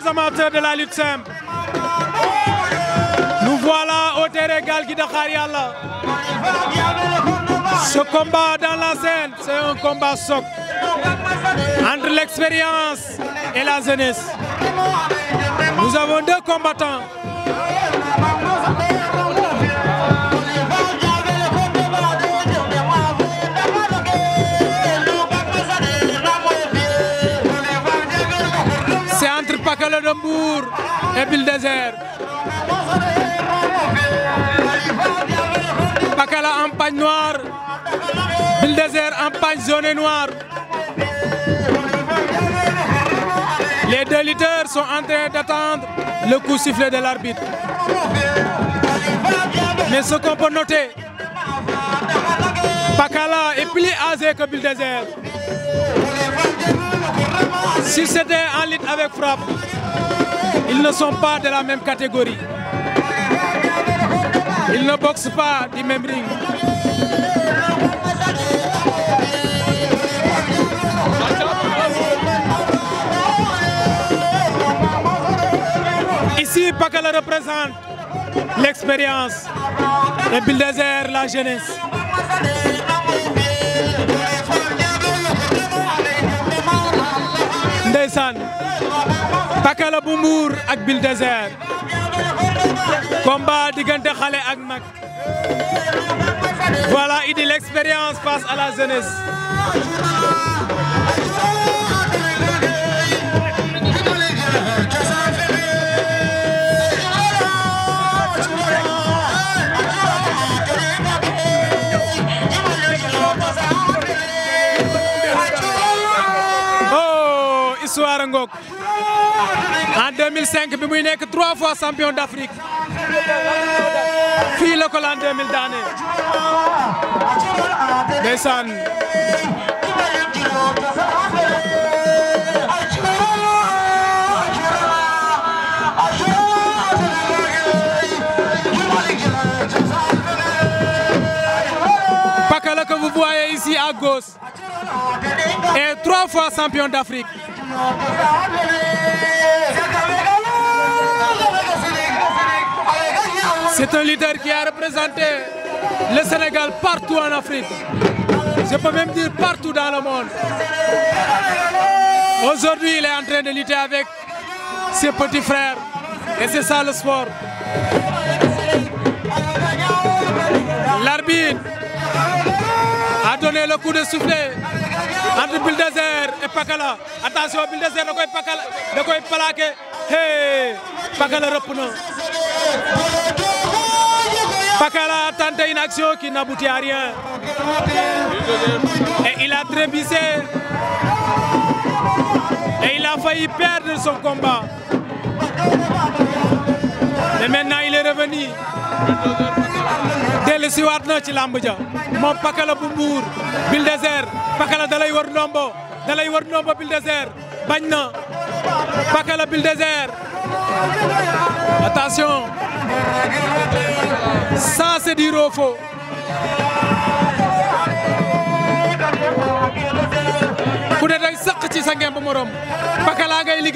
chers amateurs de la lutte simple nous voilà au terrain Galgui Dakhar Yalla ce combat dans la scène c'est un combat socle entre l'expérience et la jeunesse nous avons deux combattants Mbour et Bulldozer Pakala en pagne en pagne jaune et noire les deux lutteurs sont en train d'attendre le coup sifflé de l'arbitre mais ce qu'on peut noter Pakala est plus âgé que Bulldozer Si c'était en lit avec frappe, ils ne sont pas de la même catégorie. Ils ne boxent pas du même ring. Ici, Pakala représente l'expérience, le Bulldozer, la jeunesse. ndeysaan Pakala bu Mbour ak Bulldozer combat diggante xale ak mag voilà Idy l'expérience face à la jeunesse histoire ngoog en bi muy nekk trois fois champion d'Afrique fii la ko l'an 2000 la que vous voyez ici à gauche est trois fois champion C'est un leader qui a représenté le Sénégal partout en Afrique. Je peux même dire partout dans le monde. Aujourd'hui, il est en de lutter avec ses petits frères. Et c'est ça le sport. L'arbitre donné le coup de soufflet entre Bulldozer et Pakala attention Bulldozer da koy Pakala da koy plaqué hey Pakala rëpp na Pakala a tenté une action qui n'aboutit à rien et il a trébuché et il a failli perdre son combat mais dellu siwaat na ci làmb ja moom pakala bu mbuur Bulldozer dalay war ndombo dalay war ndombo Bulldozer bañ na pakala Bulldozer attention ça c'est du ne day sëq ci sa ngemb morom pakala ngay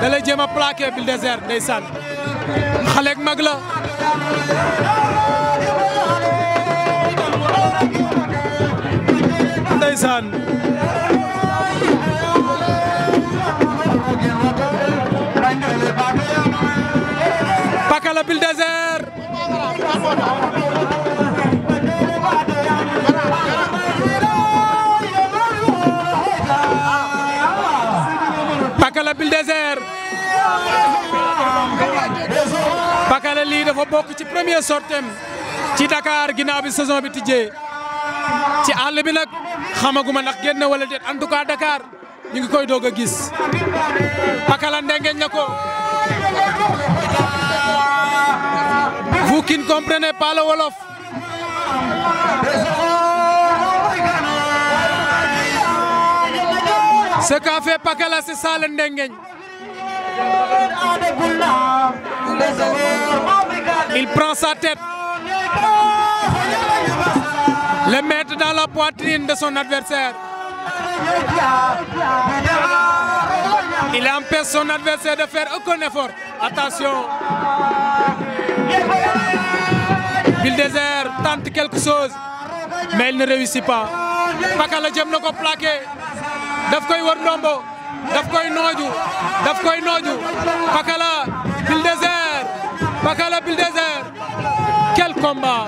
dalay jéem a plaqué Bulldozer ndeysaan xale mag la ndeysaan Paka la Bulldozer Paka la bokk ci premier sortem ci Dakar ginnaaw bi saison tijjee ci àll xamaguma ndax génn wala déet en tout cas ñu ngi koy doog a gis pakala ndengeñ na ko vous qui ne comprenez wolof ce pakala c'est ça le il prend sa le maître la de son adversaire. Il empêche son adversaire de faire aucun effort. Attention. Bulldozer tente quelque chose mais ne réussit pas. Pakala jëm na ko plaqué daf koy wër ndombo daf koy nooju daf koy nooju Pakala Bulldozer Pakala Bulldozer quel combat.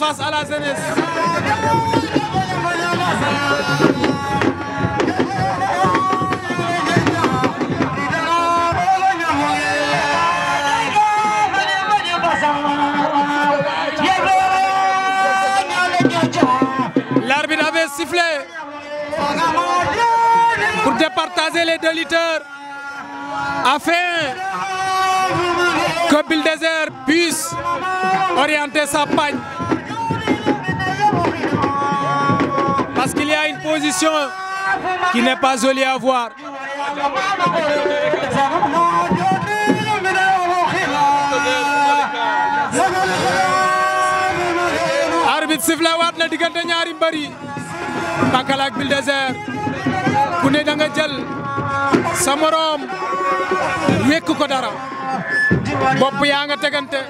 face à la jeunesse. avait sifflé pour départager les deux lutteurs afin que Bulldozer puisse orienter sa pagne parce qu'il y a une position qui n'est pas jolie waat na diggante ñaari mbër yi Pakala ak ku ne da jël sa moroom wékk ko dara bopp yaa nga tegante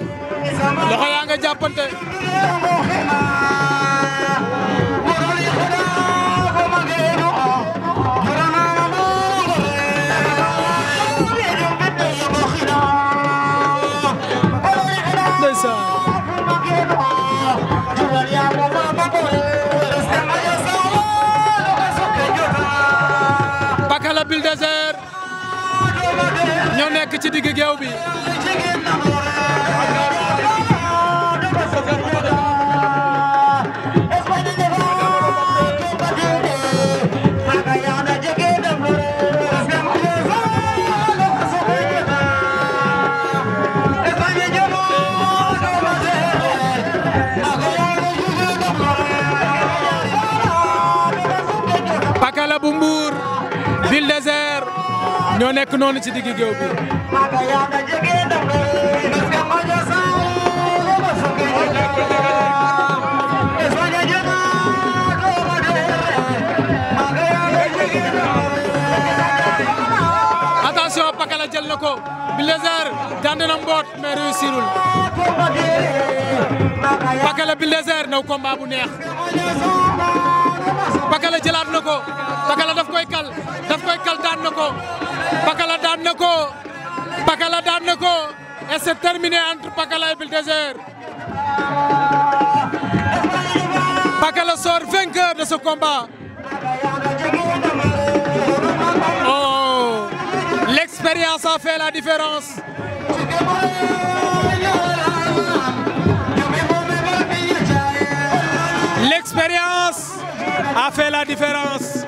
loxo yaa nga jàppante Pakala Bulldozer ñoo nekk ci digg géew bi ñoo nekk noonu ci digg géew bi. attention Pakala jël na ko Bulldozer daan na mboot mais réussirul Pakala Bulldozer naw combat bu neex Pakala jëlaat na ko. c'est terminé entre Pakala et Bulldozer. Pakala oh, a fait la différence. L'expérience a fait la différence.